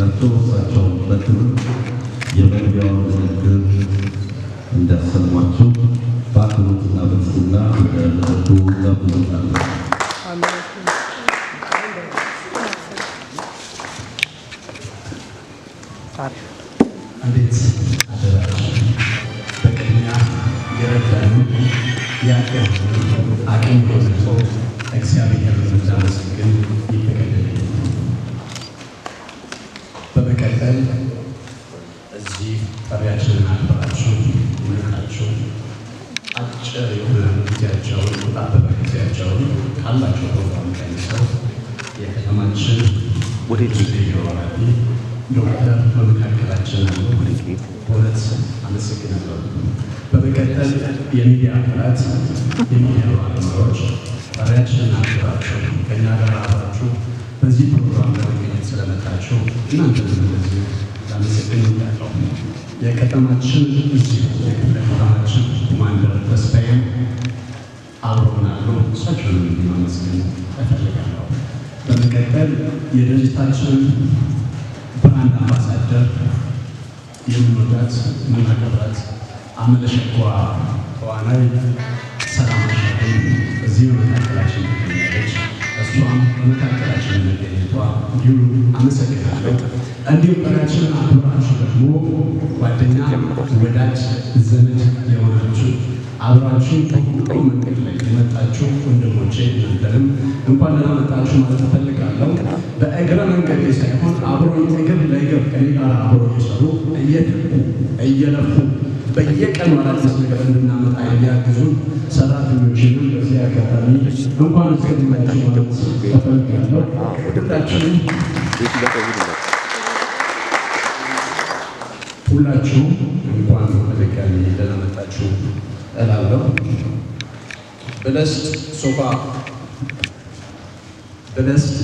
ሲመጡ እሳቸው በክብር የመግቢያውን ንግግር እንዳሰሟቸው በአክብሮትና በትህትና ወደ ምረቱ ጋብዘናለ። እንዴት አደራችሁ? በቅድሚያ የረዳን ያቀ አቅም እግዚአብሔር ግን ወደፊት ይኖራል። በመቀጠል የሚዲያ አካላት፣ የሚዲያ ባለሙያዎች ባሪያችንን አክብራችሁ ከእኛ ጋር አብራችሁ በዚህ ፕሮግራም ለመገኘት ስለመጣችሁ እናንተንም እንደዚሁ ላመሰግን እወዳለሁ። የከተማችን እዚሁ የክፍለ ከተማችን ኮማንደር ተስፋዬም አብሮናሉ። እሳቸውንም ማመስገን እፈልጋለሁ። በመቀጠል የድርጅታችን ብራንድ አምባሳደር የምንወዳት የምናከብራት አመለሸኳ ተዋናይ ሰላም አሻገኝ እዚህ በመካከላችን ትገኛለች። እሷም በመካከላችን መገኘቷ እንዲሁ አመሰግናለሁ። እንዲሁም በራችን አክብራችሁ ደግሞ ጓደኛ፣ ወዳጅ፣ ዘመድ የሆናችሁ አብራችሁ ጥሩ ጥሩ መንገድ ላይ የመጣችሁ ወንድሞቼ እናንተንም እንኳን ለመጣችሁ ማለት እፈልጋለሁ። በእግረ መንገድ ሳይሆን አብሮ እግር ለእግር ከኔ ጋር አብሮ የሰሩ እየደቁ እየለፉ በየቀኑ አዳዲስ ነገር እንድናመጣ የሚያግዙን ሰራተኞችንም በዚህ አጋጣሚ እንኳን እስከሚመጣ ማለት እፈልጋለሁ። ሁላችሁም ሁላችሁም እንኳን በድጋሚ ለመጣችሁ እላለሁ። ብለስድ ሶፋ ብለስድ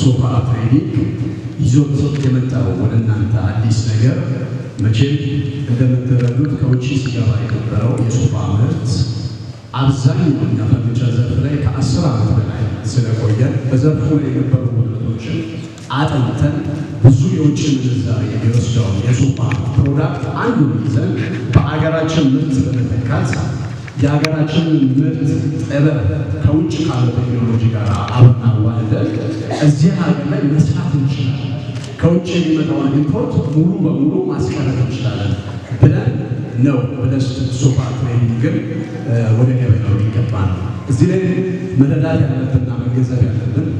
ሶፋ ትሬኒንግ ይዞት የመጣው ወደ እናንተ አዲስ ነገር መቼም እንደምትረዱት ከውጭ ሲገባ የነበረው የሶፋ ምርት አብዛኛው ፈርኒቸር ዘርፍ ላይ ከአስር ዓመት በላይ ስለቆየ በዘርፉ የነበሩ ጉድለቶችን አጥንተን ብዙ የውጭ ምንዛሪ የሚወስደው የሱፓ ፕሮዳክት አንዱን ይዘን በአገራችን ምርት በመተካት የሀገራችንን ምርት ጥበብ ከውጭ ካለ ቴክኖሎጂ ጋር አብናዋህደን እዚህ ሀገር ላይ መስራት እንችላለን፣ ከውጭ የሚመጣውን ኢምፖርት ሙሉ በሙሉ ማስቀረት እንችላለን ብለን ነው ወደ ሶፋ ትሬኒንግን ወደ ገበያው ይገባ ነው። እዚህ ላይ መረዳት ያለብንና መገንዘብ ያለብን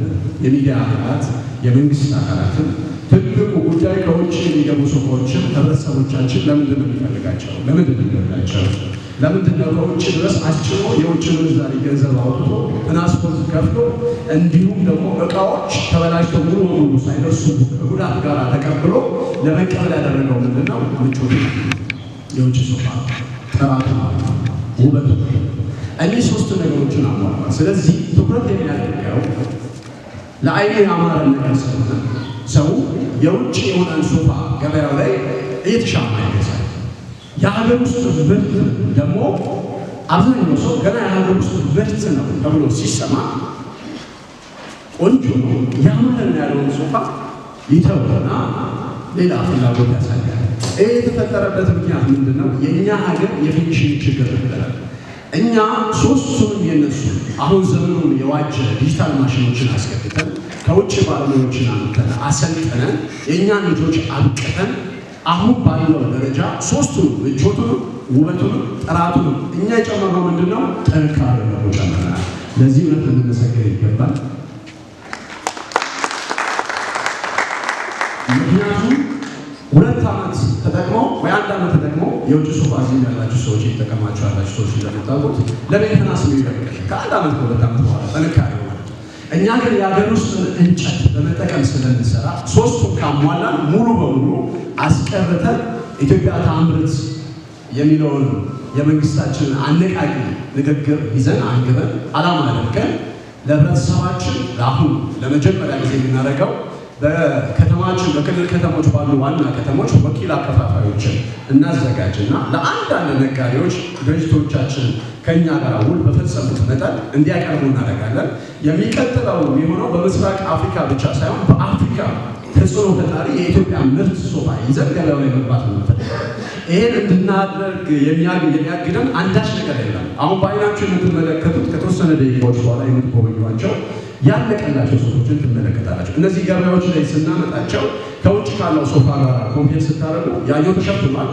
የሚዲያ አካላት፣ የመንግስት አካላትም ትልቁ ጉዳይ ከውጭ የሚገቡ ሰዎችን ህብረተሰቦቻችን ለምንድን ነው የሚፈልጋቸው? ለምንድን ነው የሚፈልጋቸው? ለምንድን ነው ከውጭ ድረስ አጭሮ የውጭ ምንዛሪ ገንዘብ አውጥቶ ትራንስፖርት ከፍሎ እንዲሁም ደግሞ እቃዎች ተበላሽተው ሙሉ በሙሉ ሳይደርሱ ከጉዳት ጋር ተቀብሎ ለመቀበል ያደረገው ምንድን ነው? ምቾት፣ የውጭ ሶፋ፣ ጥራቱ፣ ውበቱ እኒህ ሶስት ነገሮችን አሟላ። ስለዚህ ትኩረት የሚያደርገው ለአይኔ ያማረ ነገር ስለሆነ ሰው የውጭ የሆነን ሶፋ ገበያው ላይ እየተሻማ ይገዛል። የሀገር ውስጥ ምርት ደግሞ አብዛኛው ሰው ገና የሀገር ውስጥ ምርት ነው ተብሎ ሲሰማ ቆንጆ ነው ያማረን ያለውን ሶፋ ይተውና ሌላ ፍላጎት ያሳያል። ይህ የተፈጠረበት ምክንያት ምንድን ነው? የእኛ ሀገር የፊኒሽን ችግር ነበረ። እኛ ሶስቱንም የነሱ አሁን ዘመኑን የዋጀ ዲጂታል ማሽኖችን አስገብተን ከውጭ ባለሙያዎችን አምተን አሰልጥነን የእኛን ልጆች አብቅተን አሁን ባለው ደረጃ ሶስቱንም ምቾቱንም ውበቱን፣ ጥራቱን እኛ የጨመረው ምንድን ነው? ጠንካሬ ነው ጨምረናል። ለዚህ እውነት ልንመሰገን ይገባል። የውጭ ሱፍ አዚም ያላችሁ ሰዎች የተጠቀማችሁ ያላችሁ ሰዎች እንደምታውቁት ለሜንተናንስ የሚበቅል ከአንድ ዓመት ከሁለት ዓመት በኋላ ጥንካሬ ይሆናል። እኛ ግን የሀገር ውስጥ እንጨት በመጠቀም ስለምንሰራ ሶስቱ ካሟላን ሙሉ በሙሉ አስቀርተን ኢትዮጵያ ታምርት የሚለውን የመንግስታችንን አነቃቂ ንግግር ይዘን አንግበን አላማ አድርገን ለህብረተሰባችን ለአሁን ለመጀመሪያ ጊዜ የምናደርገው በከተማችን በክልል ከተሞች ባሉ ዋና ከተሞች ወኪል አከፋፋዮችን እናዘጋጅ እና ለአንዳንድ ነጋዴዎች ድርጅቶቻችን ከእኛ ጋር ውል በፈጸሙት መጠን እንዲያቀርቡ እናደርጋለን። የሚቀጥለው የሚሆነው በምስራቅ አፍሪካ ብቻ ሳይሆን በአፍሪካ ተጽዕኖ ፈጣሪ የኢትዮጵያ ምርት ሶፋ ይዘን ገበያ ላይ መግባት ምንፈል ይህን እንድናደርግ የሚያግደን አንዳች ነገር የለም። አሁን በአይናችሁ የምትመለከቱት ከተወሰነ ደቂቃዎች በኋላ የምትጎበኟቸው ያለቀላቸው ሶፎችን ትመለከታላቸው። እነዚህ ገበያዎች ላይ ስናመጣቸው ከውጭ ካለው ሶፋ ጋር ኮምፔር ስታደርጉ ያኛው ተሸፍኗል፣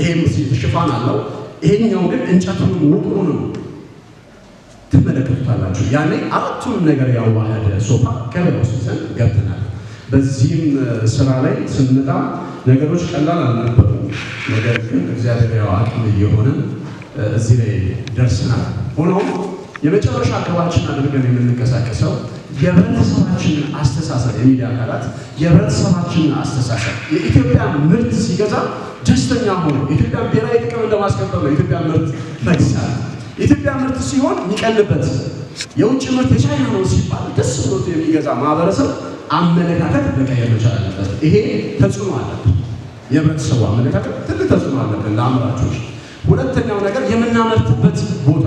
ይሄም ሽፋን አለው። ይሄኛው ግን እንጨቱንም ውቅሩ ነው ትመለከቱታላችሁ። ያኔ አራቱንም ነገር ያዋህደ ሶፋ ገበያ ውስጥ ይዘን ገብተናል። በዚህም ስራ ላይ ስንመጣ ነገሮች ቀላል አልነበሩ። ነገር ግን እግዚአብሔር ያው አቅም እየሆነ እዚህ ላይ ደርስናል ሆኖም የመጨረሻ ግባችን አድርገን የምንንቀሳቀሰው የህብረተሰባችንን አስተሳሰብ የሚዲያ አካላት የህብረተሰባችንን አስተሳሰብ የኢትዮጵያ ምርት ሲገዛ ደስተኛ ሆኖ ኢትዮጵያ ብሔራዊ ጥቅም እንደማስከበር ነው። ኢትዮጵያ ምርት መግዛት የኢትዮጵያ ምርት ሲሆን የሚቀንበት የውጭ ምርት የቻይና ነው ሲባል ደስ ብሎት የሚገዛ ማህበረሰብ አመለካከት መቀየር መቻል አለበት። ይሄ ተጽዕኖ አለበት። የህብረተሰቡ አመለካከት ትልቅ ተጽዕኖ አለብን ለአምራቾች። ሁለተኛው ነገር የምናመርትበት ቦታ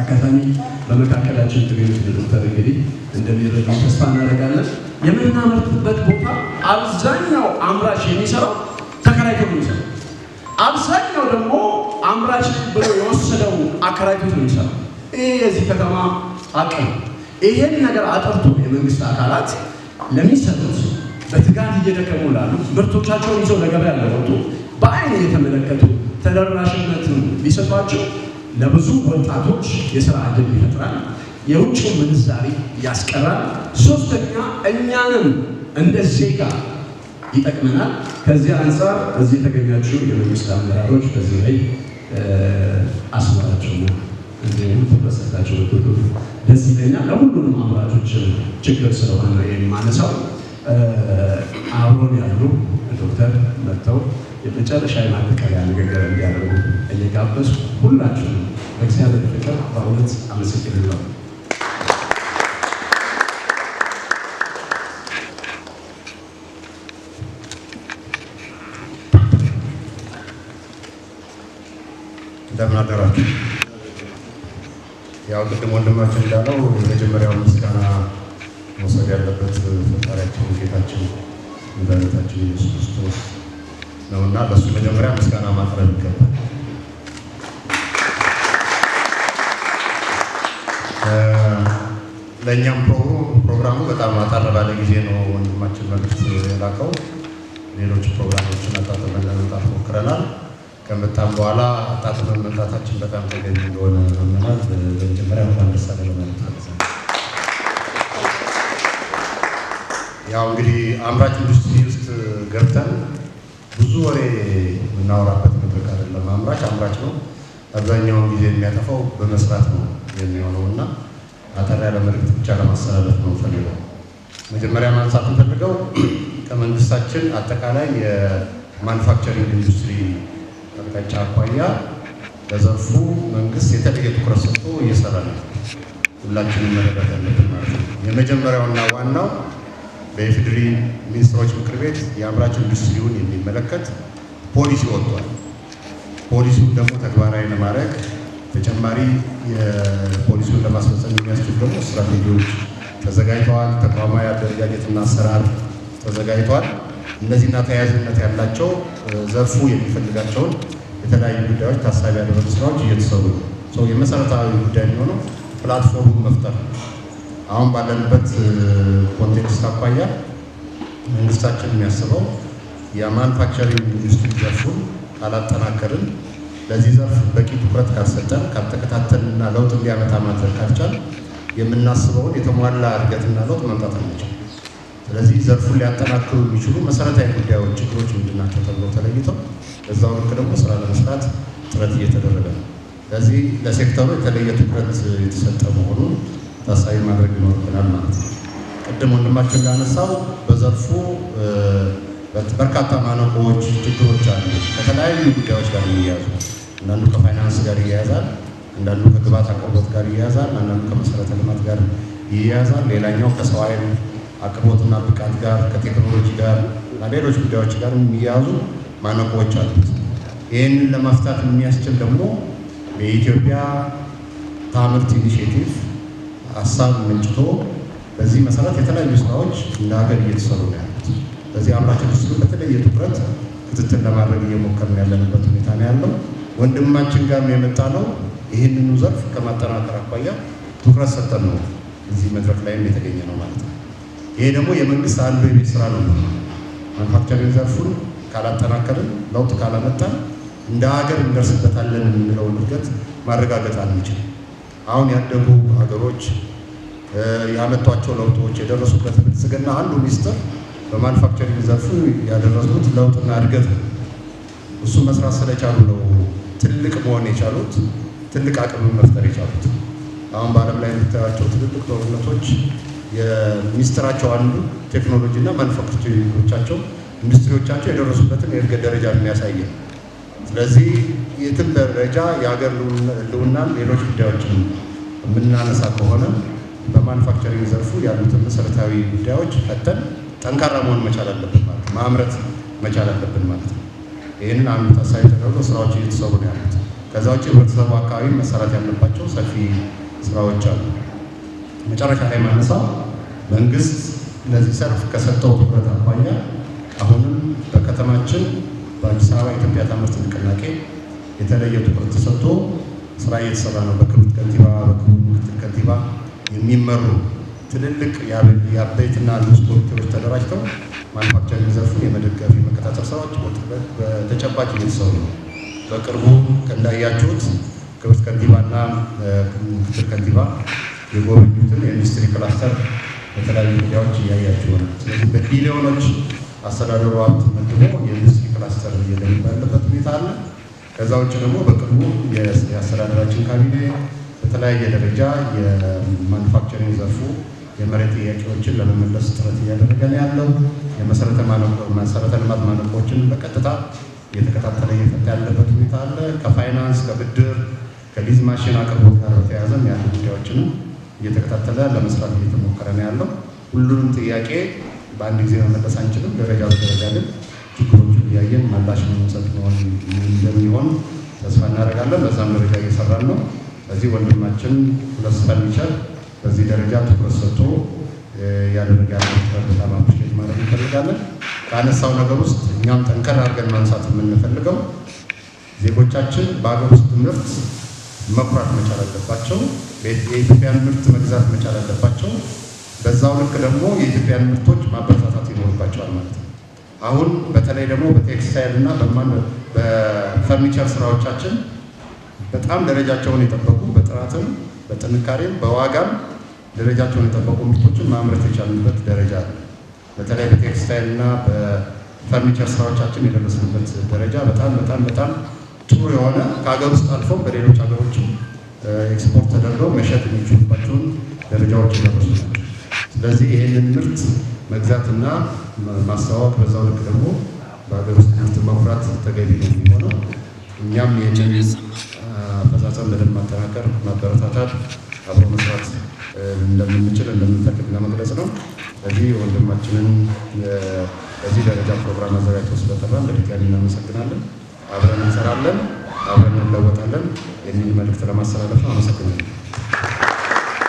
አጋጣሚ በመካከላችን ትገኙት ዶክተር እንግዲህ እንደሚረዱ ተስፋ እናደርጋለን። የምናመርትበት ቦታ አብዛኛው አምራች የሚሰራው ተከራይቶ ነው የሚሰራው። አብዛኛው ደግሞ አምራች ብሎ የወሰደው አከራይቶ ነው የሚሰራው። ይሄ የዚህ ከተማ አቅ ይሄን ነገር አጠርቶ የመንግስት አካላት ለሚሰጡት በትጋት እየደከሙ ላሉ ምርቶቻቸውን ይዘው ለገበያ ለወጡ በአይን እየተመለከቱ ተደራሽነትን ሊሰጧቸው ለብዙ ወጣቶች የስራ እድል ይፈጥራል፣ የውጭ ምንዛሪ ያስቀራል። ሶስተኛ እኛንም እንደ ዜጋ ይጠቅመናል። ከዚህ አንጻር እዚህ የተገኛችሁ የመንግስት አመራሮች በዚህ ላይ አስመራቸው ነው እንዲሁም ተበሰታቸው ደስ ይለኛል። ለሁሉንም አምራቾች ችግር ስለሆነ የማነሳው አብሮን ያሉ ዶክተር መጥተው የመጨረሻ የማጠቃለያ ንግግር እንዲያደርጉ እየጋበዝኩ ሁላችሁም በእግዚአብሔር ፍቅር በእውነት አመሰግናለሁ። እንደምን አደራችሁ። ያው ቅድም ወንድማችን እንዳለው የመጀመሪያው ምስጋና መውሰድ ያለበት ፈጣሪያችን ጌታችን መድኃኒታችን ኢየሱስ ክርስቶስ ነውና በእሱ መጀመሪያ ምስጋና ማቅረብ ይገባል። ለእኛም ፕሮግራሙ በጣም አጠር ባለ ጊዜ ነው ወንድማችን መልዕክት የላከው። ሌሎች ፕሮግራሞችን አጣጥመን ለመምጣት ሞክረናል። ከመጣም በኋላ አጣጥመን መምጣታችን በጣም ተገቢ እንደሆነ መምናት በመጀመሪያ እንኳን ደስ አለ ለመምጣት ያው እንግዲህ አምራች ኢንዱስትሪ ውስጥ ገብተን ብዙ ወሬ የምናወራበት መድረክ አይደለም። አምራች አምራች ነው። አብዛኛውን ጊዜ የሚያጠፋው በመስራት ነው የሚሆነው እና አጠር ያለ መልዕክት ብቻ ለማስተላለፍ ነው ፈልገው መጀመሪያ ማንሳት እንፈልገው ከመንግስታችን አጠቃላይ የማኑፋክቸሪንግ ኢንዱስትሪ አቅጣጫ አኳያ በዘርፉ መንግስት የተለየ ትኩረት ሰጥቶ እየሰራ ነው። ሁላችንም መረዳት ያለብን ማለት ነው። የመጀመሪያውና ዋናው በኢፌዴሪ ሚኒስትሮች ምክር ቤት የአምራች ኢንዱስትሪውን የሚመለከት ፖሊሲ ወጥቷል። ፖሊሲውን ደግሞ ተግባራዊ ለማድረግ ተጨማሪ የፖሊሲውን ለማስፈጸም የሚያስችል ደግሞ ስትራቴጂዎች ተዘጋጅተዋል። ተቋማዊ አደረጃጀትና አሰራር ተዘጋጅተዋል። እነዚህና ተያያዥነት ያላቸው ዘርፉ የሚፈልጋቸውን የተለያዩ ጉዳዮች ታሳቢ ያደረጉ ስራዎች እየተሰሩ ነው። የመሰረታዊ ጉዳይ የሚሆነው ፕላትፎርሙ መፍጠር አሁን ባለንበት ኮንቴክስት አኳያ መንግስታችን የሚያስበው የማኑፋክቸሪንግ ኢንዱስትሪ ዘርፉን ካላጠናከርን፣ ለዚህ ዘርፍ በቂ ትኩረት ካልሰጠን፣ ካልተከታተልንና ለውጥ እንዲያመጣ ማድረግ ካልቻል የምናስበውን የተሟላ እድገትና ለውጥ መምጣት አንችል። ስለዚህ ዘርፉን ሊያጠናክሩ የሚችሉ መሰረታዊ ጉዳዮች፣ ችግሮች ምንድናቸው ተብሎ ተለይተው እዛው ልክ ደግሞ ስራ ለመስራት ጥረት እየተደረገ ነው። ለዚህ ለሴክተሩ የተለየ ትኩረት የተሰጠ መሆኑን ታሳቢ ማድረግ ይኖርብናል ማለት ነው። ቅድም ወንድማችን እንዳነሳው በዘርፉ በርካታ ማነቆዎች፣ ችግሮች አሉ። ከተለያዩ ጉዳዮች ጋር የሚያያዙ አንዳንዱ ከፋይናንስ ጋር ይያያዛል፣ አንዳንዱ ከግብዓት አቅርቦት ጋር ይያያዛል፣ አንዳንዱ ከመሰረተ ልማት ጋር ይያያዛል። ሌላኛው ከሰው ኃይል አቅርቦትና ብቃት ጋር፣ ከቴክኖሎጂ ጋር እና ሌሎች ጉዳዮች ጋር የሚያያዙ ማነቆዎች አሉት። ይህንን ለመፍታት የሚያስችል ደግሞ የኢትዮጵያ ታምርት ኢኒሽቲቭ ሀሳብ ምንጭቶ በዚህ መሰረት የተለያዩ ስራዎች እንደ ሀገር እየተሰሩ ነው ያሉት። በዚህ አምራች ኢንዱስትሪ በተለየ ትኩረት ክትትል ለማድረግ እየሞከርን ያለንበት ሁኔታ ነው ያለው። ወንድማችን ጋርም የመጣ ነው። ይህንኑ ዘርፍ ከማጠናከር አኳያ ትኩረት ሰጠን ነው እዚህ መድረክ ላይም የተገኘ ነው ማለት ነው። ይሄ ደግሞ የመንግስት አንዱ የቤት ስራ ነው። ማኑፋክቸሪንግ ዘርፉን ካላጠናከርን፣ ለውጥ ካላመጣን እንደ ሀገር እንደርስበታለን የምንለውን እድገት ማረጋገጥ አንችልም። አሁን ያደጉ ሀገሮች ያመጧቸው ለውጦች የደረሱበት ብልጽግና አንዱ ሚስጥር በማኑፋክቸሪንግ ዘርፍ ያደረሱት ለውጥና እድገት ነው። እሱ መስራት ስለቻሉ ነው ትልቅ መሆን የቻሉት ትልቅ አቅም መፍጠር የቻሉት። አሁን በዓለም ላይ የምታያቸው ትልልቅ ጦርነቶች የሚስጥራቸው አንዱ ቴክኖሎጂ እና ማኑፋክቸሪንጎቻቸው ኢንዱስትሪዎቻቸው የደረሱበትን የእድገት ደረጃ የሚያሳየ ነው። ስለዚህ የትም ደረጃ የሀገር ልውናን ሌሎች ጉዳዮችን የምናነሳ ከሆነ በማኑፋክቸሪንግ ዘርፉ ያሉትን መሰረታዊ ጉዳዮች ፈተን ጠንካራ መሆን መቻል አለብን ማለት ነው። ማምረት መቻል አለብን ማለት ነው። ይህንን አንዱ ታሳቢ ተደርጎ ስራዎች እየተሰሩ ነው ያሉት። ከዛ ውጭ ህብረተሰቡ አካባቢ መሰራት ያለባቸው ሰፊ ስራዎች አሉ። መጨረሻ ላይ ማነሳ መንግስት ለዚህ ዘርፍ ከሰጠው ትኩረት አኳያ አሁንም በከተማችን በአዲስ አበባ ኢትዮጵያ ታምርት ንቅናቄ የተለየ ትኩረት ተሰጥቶ ስራ እየተሰራ ነው። በክብርት ከንቲባ በክቡር ምክትል ከንቲባ የሚመሩ ትልልቅ የአበይትና ንዑስ ኮሚቴዎች ተደራጅተው ማኑፋክቸሪንግ ዘርፉን የመደገፍ የመከታተል ስራዎች በተጨባጭ እየተሰሩ ነው። በቅርቡ እንዳያችሁት ክብርት ከንቲባና ምክትል ከንቲባ የጎበኙትን የኢንዱስትሪ ክላስተር በተለያዩ ሚዲያዎች እያያችሁ ነው። ስለዚህ በቢሊዮኖች አስተዳደሩ ሀብት መድቦ የኢንዱስትሪ ክላስተር እየለሚ ሁኔታ አለ። ከዛ ውጭ ደግሞ በቅርቡ የአስተዳደራችን ካቢኔ በተለያየ ደረጃ የማኑፋክቸሪንግ ዘርፉ የመሬት ጥያቄዎችን ለመመለስ ጥረት እያደረገ ነው ያለው። የመሰረተ ልማት ማነቆችን በቀጥታ እየተከታተለ እየፈታ ያለበት ሁኔታ አለ። ከፋይናንስ ከብድር ከሊዝ ማሽን አቅርቦት ጋር በተያያዘም ያሉ ጉዳዮችንም እየተከታተለ ለመስራት እየተሞከረ ነው ያለው። ሁሉንም ጥያቄ በአንድ ጊዜ መመለስ አንችልም። ደረጃ በደረጃ ግን ችግሮቹን እያየን ምላሽ መንሰት መሆን እንደሚሆን ተስፋ እናደርጋለን። በዛም ደረጃ እየሰራን ነው። በዚህ ወንድማችን ሁለት ፈርኒቸር በዚህ ደረጃ ትኩረት ሰጥቶ ያደረገ በጣም አፕሪሼት እንፈልጋለን። ከአነሳው ነገር ውስጥ እኛም ጠንከር አድርገን ማንሳት የምንፈልገው ዜጎቻችን በሀገር ውስጥ ምርት መኩራት መቻል አለባቸው። የኢትዮጵያን ምርት መግዛት መቻል አለባቸው። በዛው ልክ ደግሞ የኢትዮጵያን ምርቶች ማበረታታት ይኖርባቸዋል ማለት ነው። አሁን በተለይ ደግሞ በቴክስታይል እና በፈርኒቸር ስራዎቻችን በጣም ደረጃቸውን የጠበቁ በጥራትም በጥንካሬም በዋጋም ደረጃቸውን የጠበቁ ምርቶችን ማምረት የቻልንበት ደረጃ አለ። በተለይ በቴክስታይል እና በፈርኒቸር ስራዎቻችን የደረስንበት ደረጃ በጣም በጣም በጣም ጥሩ የሆነ ከሀገር ውስጥ አልፎም በሌሎች ሀገሮች ኤክስፖርት ተደርገው መሸጥ የሚችሉባቸውን ደረጃዎች ይደረሱ። ስለዚህ ይህንን ምርት መግዛትና ማስተዋወቅ፣ በዛው ልክ ደግሞ በሀገር ውስጥ ምርት መኩራት ተገቢ ነው የሚሆነው። እኛም ይህንን አፈጻጸም በደንብ ማጠናከር፣ ማበረታታት፣ አብሮ መስራት እንደምንችል እንደምንፈቅድ ለመግለጽ ነው። እዚህ ወንድማችንን በዚህ ደረጃ ፕሮግራም አዘጋጅቶ ስለጠራን በድጋሚ እናመሰግናለን። አብረን እንሰራለን፣ አብረን እንለወጣለን የሚል መልእክት ለማስተላለፍ ነው። አመሰግናለን።